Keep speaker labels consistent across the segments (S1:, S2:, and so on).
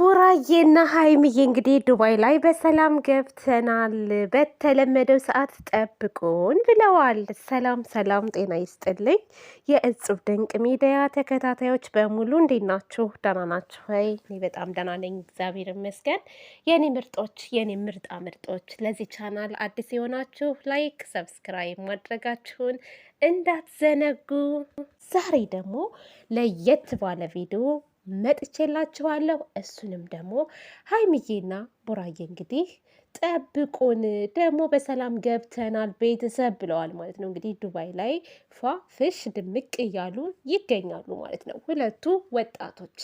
S1: ቡራዬና ሀይም እንግዲህ ዱባይ ላይ በሰላም ገብተናል፣ በተለመደው ሰዓት ጠብቁን ብለዋል። ሰላም ሰላም፣ ጤና ይስጥልኝ የእጹብ ድንቅ ሚዲያ ተከታታዮች በሙሉ እንዴት ናችሁ? ደህና ናችሁ ወይ?
S2: እኔ በጣም ደህና ነኝ፣ እግዚአብሔር ይመስገን። የኔ ምርጦች፣ የኔ ምርጣ ምርጦች፣ ለዚህ ቻናል አዲስ የሆናችሁ ላይክ፣ ሰብስክራይብ ማድረጋችሁን እንዳትዘነጉ።
S1: ዛሬ ደግሞ ለየት ባለ ቪዲዮ መጥቼላችኋለሁ። እሱንም ደግሞ ሀይሚዬና ቡራዬ እንግዲህ ጠብቁን ደግሞ በሰላም ገብተናል ቤተሰብ ብለዋል ማለት ነው። እንግዲህ ዱባይ ላይ ፏ ፍሽ ድምቅ እያሉ ይገኛሉ ማለት ነው ሁለቱ ወጣቶች።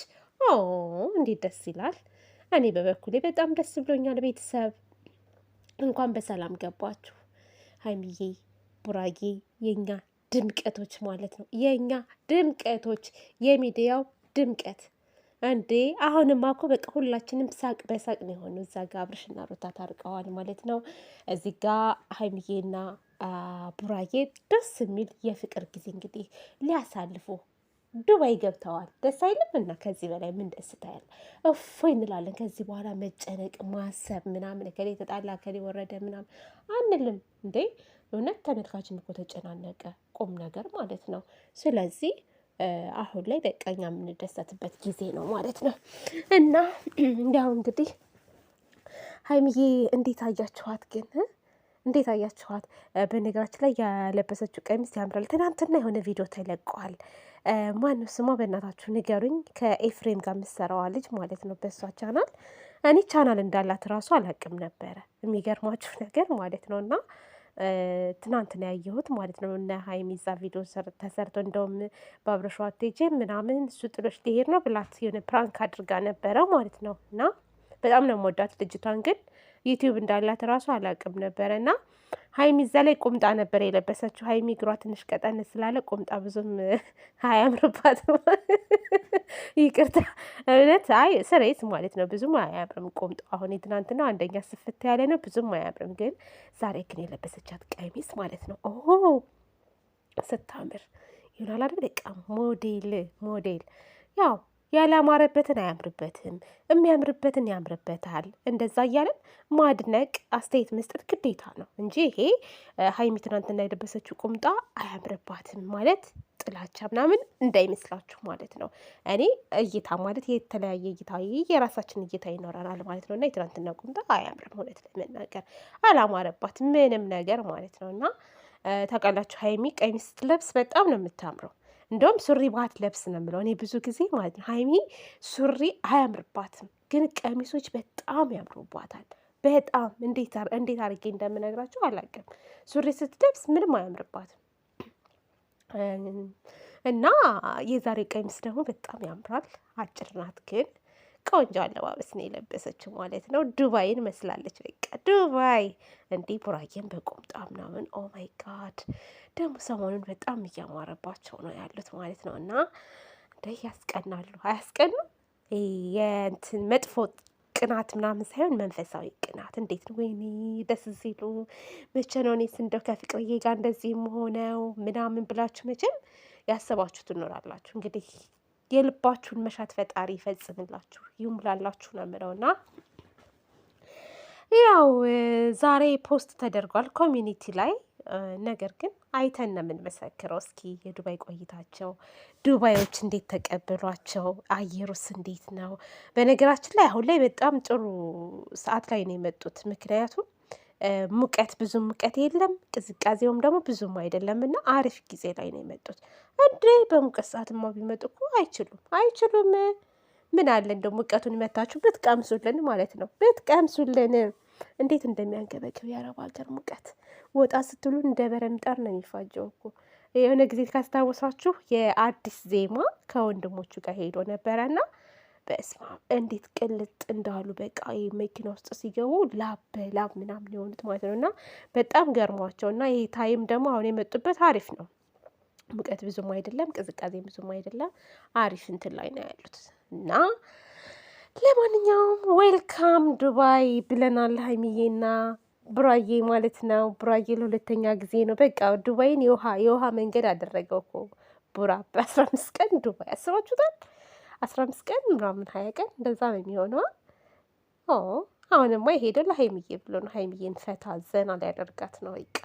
S1: ኦ እንዴት ደስ ይላል! እኔ በበኩሌ በጣም ደስ ብሎኛል። ቤተሰብ እንኳን በሰላም ገባችሁ። ሀይሚዬ ቡራዬ የኛ ድምቀቶች ማለት ነው የእኛ ድምቀቶች የሚዲያው ድምቀት እንዴ አሁንማ እኮ በቃ ሁላችንም ሳቅ በሳቅ ነው የሆኑ። እዛ ጋ አብርሽና ሩታ ታርቀዋል ማለት ነው። እዚህ ጋ ሀይሚዬና ቡራዬ ደስ የሚል የፍቅር ጊዜ እንግዲህ ሊያሳልፉ ዱባይ ገብተዋል። ደስ አይልም? እና ከዚህ በላይ ምን ደስታ ያለ እፎይ እንላለን። ከዚህ በኋላ መጨነቅ፣ ማሰብ ምናምን ከሌ የተጣላ ከሌ ወረደ ምናምን አንልም። እንዴ እውነት ተመልካችን እኮ ተጨናነቀ ቁም ነገር ማለት ነው። ስለዚህ አሁን ላይ በቀኛ የምንደሰትበት ጊዜ ነው ማለት ነው። እና እንዲያው እንግዲህ ሀይምዬ እንዴት አያችኋት ግን እንዴት አያችኋት? በነገራችን ላይ ያለበሰችው ቀሚስ ያምራል። ትናንትና የሆነ ቪዲዮ ተለቀዋል። ማነው ስሟ? በእናታችሁ ንገሩኝ። ከኤፍሬም ጋር የምትሰራዋ ልጅ ማለት ነው። በእሷ ቻናል እኔ ቻናል እንዳላት እራሱ አላቅም ነበረ። የሚገርማችሁ ነገር ማለት ነው እና ትናንት ያየሁት ማለት ነው። እነ ሀይሚ እዛ ቪዲዮ ተሰርቶ እንደውም በአብረሸ ምናምን እሱ ጥሎች ሊሄድ ነው ብላት የሆነ ፕራንክ አድርጋ ነበረ ማለት ነው። እና በጣም ነው መወዳት ልጅቷን ግን ዩቲዩብ እንዳላት እራሱ አላውቅም ነበረ እና ሀይሚ እዛ ላይ ቁምጣ ነበር የለበሰችው። ሀይሚ እግሯ ትንሽ ቀጠን ስላለ ቁምጣ ብዙም አያምርባትም። ይቅርታ እውነት፣ አይ ስሬት ማለት ነው። ብዙም አያምርም ቁምጣ። አሁን ነው አንደኛ ስፍት ያለ ነው፣ ብዙም አያምርም። ግን ዛሬ ግን የለበሰቻት ቀሚስ ማለት ነው ኦ ስታምር ይሆናል አይደል? ሞዴል ሞዴል ያው ያላማረበትን አያምርበትም፣ የሚያምርበትን ያምርበታል። እንደዛ እያለን ማድነቅ አስተያየት መስጠት ግዴታ ነው እንጂ ይሄ ሀይሚ ትናንትና የለበሰችው ቁምጣ አያምርባትም ማለት ጥላቻ ምናምን እንዳይመስላችሁ ማለት ነው። እኔ እይታ ማለት የተለያየ እይታ የራሳችን እይታ ይኖረናል ማለት ነው እና የትናንትና ቁምጣ አያምርም፣ እውነት ለመናገር አላማረባት ምንም ነገር ማለት ነው እና ታውቃላችሁ፣ ሀይሚ ቀሚስ ስትለብስ በጣም ነው የምታምረው እንደውም ሱሪ ባት ለብስ ነው የምለው እኔ ብዙ ጊዜ ማለት ነው። ሀይሚ ሱሪ አያምርባትም፣ ግን ቀሚሶች በጣም ያምሩባታል። በጣም እንዴት አድርጌ እንደምነግራቸው አላውቅም። ሱሪ ስትለብስ ምንም አያምርባትም እና የዛሬ ቀሚስ ደግሞ በጣም ያምራል። አጭር ናት ግን ቆንጆ አለባበስ ነው የለበሰችው ማለት ነው። ዱባይን መስላለች። በቃ ዱባይ እንዲህ ቡራዬን በቁምጣ ምናምን ኦ ማይ ጋድ ደግሞ ሰሞኑን በጣም እያማረባቸው ነው ያሉት ማለት ነው። እና እንደ ያስቀናሉ አያስቀኑ የእንትን መጥፎ ቅናት ምናምን ሳይሆን መንፈሳዊ ቅናት እንዴት ነው? ወይኔ ደስ ሲሉ መቼ ነው እኔስ እንደው ከፍቅርዬ ጋር እንደዚህ መሆነው ምናምን ብላችሁ መቼም ያሰባችሁ ትኖራላችሁ እንግዲህ የልባችሁን መሻት ፈጣሪ ይፈጽምላችሁ ብላላችሁ ነው የምለውና ያው ዛሬ ፖስት ተደርጓል ኮሚኒቲ ላይ። ነገር ግን አይተን ነው የምንመሰክረው። እስኪ የዱባይ ቆይታቸው ዱባዮች እንዴት ተቀብሏቸው፣ አየሩስ እንዴት ነው? በነገራችን ላይ አሁን ላይ በጣም ጥሩ ሰዓት ላይ ነው የመጡት። ምክንያቱም ሙቀት ብዙ ሙቀት የለም፣ ቅዝቃዜውም ደግሞ ብዙም አይደለም እና አሪፍ ጊዜ ላይ ነው የመጡት። እንዴ በሙቀት ሰዓትማ ቢመጡ እኮ አይችሉም አይችሉም። ምን አለ እንደ ሙቀቱን መታችሁ ብትቀምሱልን ማለት ነው ብትቀምሱልን። እንዴት እንደሚያንገበግብ የአረብ ሀገር ሙቀት ወጣ ስትሉ እንደ በረምጠር ነው የሚፋጀው እኮ። የሆነ ጊዜ ካስታወሳችሁ የአዲስ ዜማ ከወንድሞቹ ጋር ሄዶ ነበረና በስማ እንዴት ቅልጥ እንዳሉ በቃ መኪና ውስጥ ሲገቡ ላብ በላብ ምናምን የሆኑት ማለት ነው። እና በጣም ገርሟቸው እና ይሄ ታይም ደግሞ አሁን የመጡበት አሪፍ ነው። ሙቀት ብዙም አይደለም፣ ቅዝቃዜ ብዙም አይደለም። አሪፍ እንትን ላይ ነው ያሉት እና ለማንኛውም ዌልካም ዱባይ ብለናል ሀይሚዬና ብራዬ ማለት ነው። ብራዬ ለሁለተኛ ጊዜ ነው በቃ ዱባይን የውሃ የውሃ መንገድ አደረገው እኮ ቡራ በአስራ አምስት ቀን ዱባይ አስባችሁታል። አስራ አምስት ቀን ምናምን ሀያ ቀን እንደዛ ነው የሚሆነዋ። አሁንማ የሄደው ለሀይምዬ ብሎ ነው። ሀይምዬን ፈታ ዘና ሊያደርጋት ነው። ይቃ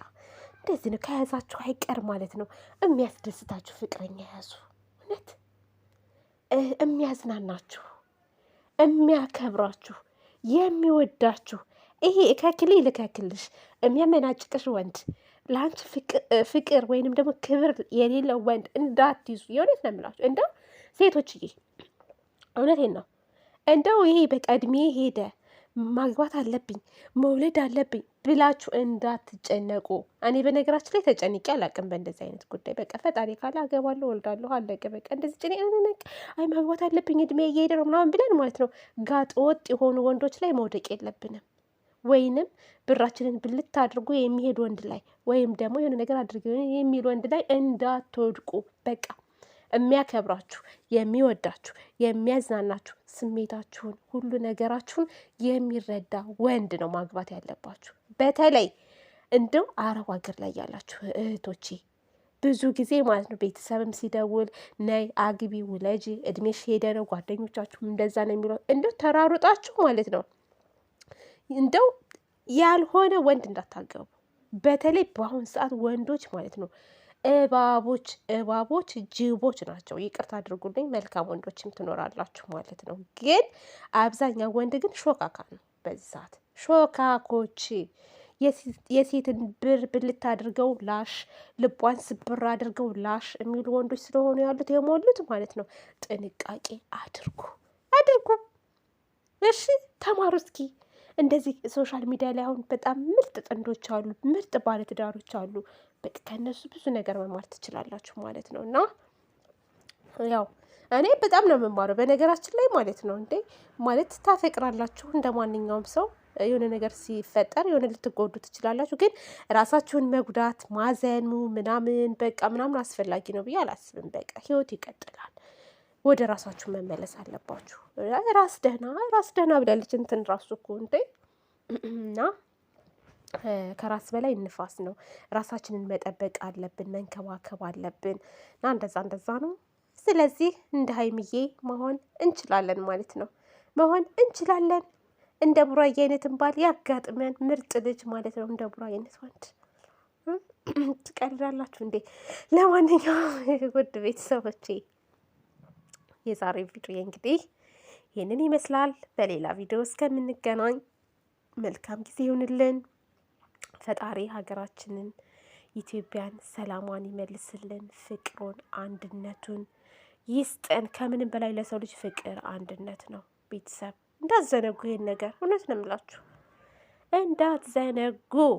S1: እንደዚህ ነው። ከያዛችሁ አይቀር ማለት ነው። የሚያስደስታችሁ ፍቅረኛ ያዙ። እውነት የሚያዝናናችሁ፣ የሚያከብራችሁ፣ የሚወዳችሁ ይሄ እከክሌ ልከክልሽ የሚያመናጭቅሽ ወንድ ለአንቺ ፍቅር ወይንም ደግሞ ክብር የሌለው ወንድ እንዳትይዙ። የእውነት ነው የምላችሁ እንደ ሴቶችዬ እውነቴን ነው። እንደው ይሄ በቀድሜ ሄደ ማግባት አለብኝ መውለድ አለብኝ ብላችሁ እንዳትጨነቁ። እኔ በነገራችን ላይ ተጨንቄ አላቅም በእንደዚህ አይነት ጉዳይ። በቃ ፈጣሪ ካለ አገባለሁ ወልዳለሁ አለቀ። በቃ እንደዚህ ጭኔ አይ ማግባት አለብኝ እድሜ እየሄደ ነው ምናምን ብለን ማለት ነው ጋጥ ወጥ የሆኑ ወንዶች ላይ መውደቅ የለብንም። ወይንም ብራችንን ብልታድርጉ የሚሄድ ወንድ ላይ ወይም ደግሞ የሆነ ነገር አድርገ የሚል ወንድ ላይ እንዳትወድቁ በቃ የሚያከብራችሁ፣ የሚወዳችሁ፣ የሚያዝናናችሁ ስሜታችሁን ሁሉ ነገራችሁን የሚረዳ ወንድ ነው ማግባት ያለባችሁ። በተለይ እንደው አረብ ሀገር ላይ ያላችሁ እህቶቼ ብዙ ጊዜ ማለት ነው ቤተሰብም ሲደውል ነይ አግቢ፣ ውለጂ፣ እድሜሽ ሄደ ነው፣ ጓደኞቻችሁም እንደዛ ነው የሚለው። እንደው ተራሩጣችሁ ማለት ነው እንደው ያልሆነ ወንድ እንዳታገቡ። በተለይ በአሁኑ ሰዓት ወንዶች ማለት ነው እባቦች እባቦች ጅቦች ናቸው። ይቅርታ አድርጉልኝ። መልካም ወንዶችም ትኖራላችሁ ማለት ነው። ግን አብዛኛው ወንድ ግን ሾካካ ነው። በዚህ ሰዓት ሾካኮች የሴትን ብር ብልት አድርገው ላሽ ልቧን ስብር አድርገው ላሽ የሚሉ ወንዶች ስለሆኑ ያሉት የሞሉት ማለት ነው። ጥንቃቄ አድርጉ አድርጉ። እሺ ተማሩ እስኪ። እንደዚህ ሶሻል ሚዲያ ላይ አሁን በጣም ምርጥ ጥንዶች አሉ፣ ምርጥ ባለትዳሮች አሉ። በቃ ከእነሱ ብዙ ነገር መማር ትችላላችሁ ማለት ነው እና ያው እኔ በጣም ነው የምማረው በነገራችን ላይ ማለት ነው። እንዴ ማለት ታፈቅራላችሁ እንደ ማንኛውም ሰው የሆነ ነገር ሲፈጠር የሆነ ልትጎዱ ትችላላችሁ፣ ግን ራሳችሁን መጉዳት ማዘኑ ምናምን በቃ ምናምን አስፈላጊ ነው ብዬ አላስብም። በቃ ህይወት ይቀጥላል። ወደ ራሳችሁ መመለስ አለባችሁ። ራስ ደህና ራስ ደህና ብላለች እንትን ራሱ እኮ እንዴ እና ከራስ በላይ ንፋስ ነው። ራሳችንን መጠበቅ አለብን፣ መንከባከብ አለብን እና እንደዛ እንደዛ ነው። ስለዚህ እንደ ሀይምዬ መሆን እንችላለን ማለት ነው። መሆን እንችላለን። እንደ ቡራዬ አይነትን ባል ያጋጥመን፣ ምርጥ ልጅ ማለት ነው። እንደ ቡራዬ አይነት ወንድ ትቀልዳላችሁ እንዴ? ለማንኛውም ውድ ቤተሰቦቼ የዛሬ ቪዲዮ እንግዲህ ይህንን ይመስላል። በሌላ ቪዲዮ እስከምንገናኝ መልካም ጊዜ ይሁንልን። ፈጣሪ ሀገራችንን ኢትዮጵያን ሰላሟን ይመልስልን፣ ፍቅሩን አንድነቱን ይስጠን። ከምንም በላይ ለሰው ልጅ ፍቅር አንድነት ነው። ቤተሰብ እንዳትዘነጉ ይህን ነገር እውነት ነው የምላችሁ፣ እንዳትዘነጉ።